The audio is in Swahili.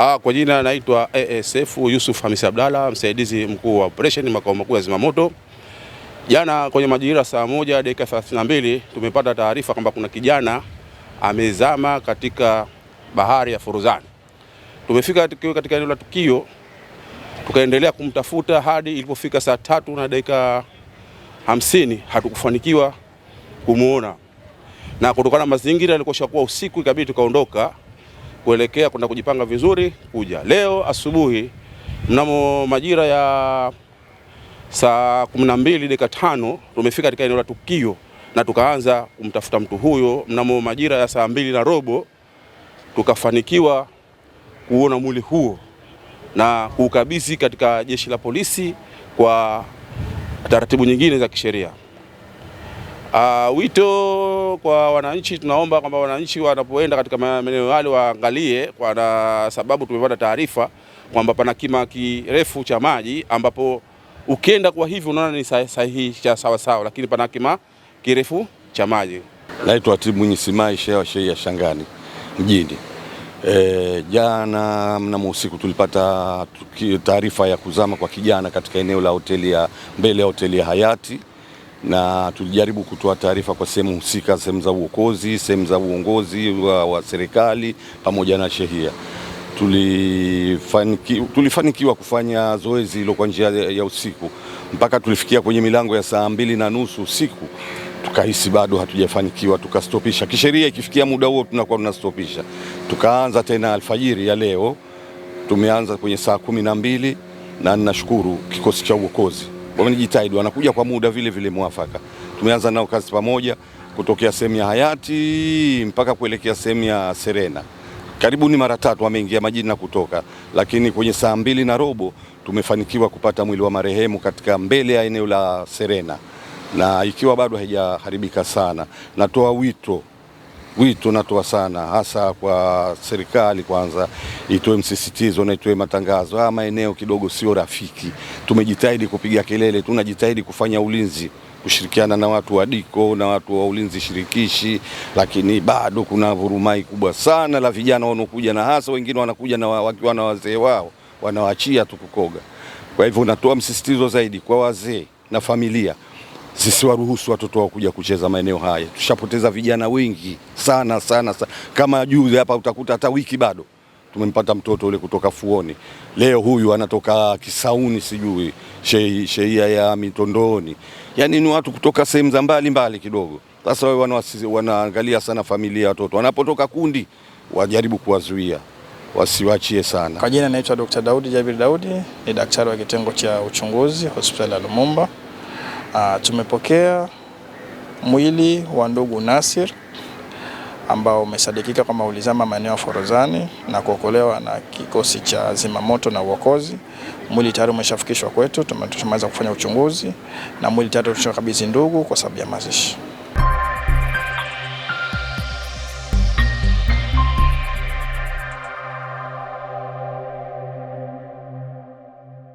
Ah, kwa jina naitwa ASF Yusuf Hamis Abdalla, msaidizi mkuu wa operation makao makuu ya zimamoto. Jana kwenye majira saa moja dakika 32 tumepata taarifa kwamba kuna kijana amezama katika bahari ya Furuzani. Tumefika katika eneo la tukio tukaendelea kumtafuta hadi ilipofika saa tatu na dakika hamsini hatukufanikiwa kumuona, na kutokana na mazingira yalikuwa usiku, ikabidi tukaondoka kuelekea kwenda kujipanga vizuri kuja leo asubuhi mnamo majira ya saa kumi na mbili dakika tano tumefika katika eneo la tukio na tukaanza kumtafuta mtu huyo. Mnamo majira ya saa mbili na robo tukafanikiwa kuona mwili huo na kuukabidhi katika jeshi la polisi kwa taratibu nyingine za kisheria. Uh, wito kwa wananchi, tunaomba kwamba wananchi wanapoenda katika maeneo yale waangalie, kwa sababu tumepata taarifa kwamba pana kima kirefu cha maji ambapo ukienda kwa hivyo unaona ni sahihi cha sawasawa, lakini pana kima kirefu cha maji. Naitwa Tibu Nyisimai, shehe wa shehia Shangani mjini. E, jana mnamo usiku tulipata taarifa ya kuzama kwa kijana katika eneo la hoteli ya mbele ya hoteli ya Hayati na tulijaribu kutoa taarifa kwa sehemu husika, sehemu za uokozi, sehemu za uongozi wa, wa serikali pamoja na shehia. Tulifanikiwa, tulifanikiwa kufanya zoezi hilo kwa njia ya usiku mpaka tulifikia kwenye milango ya saa mbili na nusu usiku tukahisi bado hatujafanikiwa, tukastopisha kisheria. Ikifikia muda huo tunakuwa tunastopisha, tukaanza tena alfajiri ya leo, tumeanza kwenye saa kumi na mbili na ninashukuru kikosi cha uokozi wamejitahidi, wanakuja kwa muda vile vile mwafaka. Tumeanza nao kazi pamoja kutokea sehemu ya Hayati mpaka kuelekea sehemu ya Serena, karibu ni mara tatu wameingia majini na kutoka, lakini kwenye saa mbili na robo tumefanikiwa kupata mwili wa marehemu katika mbele ya eneo la Serena, na ikiwa bado haijaharibika sana. Natoa wito Wii tunatoa sana hasa kwa serikali kwanza itoe msisitizo na itoe matangazo. Haya maeneo kidogo sio rafiki, tumejitahidi kupiga kelele, tunajitahidi kufanya ulinzi kushirikiana na watu wa diko na watu wa ulinzi shirikishi, lakini bado kuna vurumai kubwa sana la vijana wanaokuja, na hasa wengine wanakuja na wakiwa na wazee wao, wanawaachia tu kukoga. Kwa hivyo natoa msisitizo zaidi kwa wazee na familia, sisiwaruhusu watoto wao kuja kucheza maeneo haya. Tushapoteza vijana wengi sana sana sana. Kama juzi hapa utakuta hata wiki bado tumempata mtoto ule kutoka Fuoni, leo huyu anatoka Kisauni, sijui sheia ya mitondoni yani ni watu kutoka sehemu za mbali mbali kidogo. Sasa wao wanaangalia sana familia, watoto wanapotoka kundi wajaribu kuwazuia wasiwachie sana. Kwa jina naitwa Dr. Daudi Jabir Daudi, ni daktari wa kitengo cha uchunguzi hospitali ya Lumumba. Uh, tumepokea mwili wa ndugu Nasir ambao umesadikika kwamba ulizama maeneo ya Forodhani na kuokolewa na kikosi cha zimamoto na uokozi. Mwili tayari umeshafikishwa kwetu, tumeweza kufanya uchunguzi na mwili tayari tumeshakabidhi ndugu kwa sababu ya mazishi.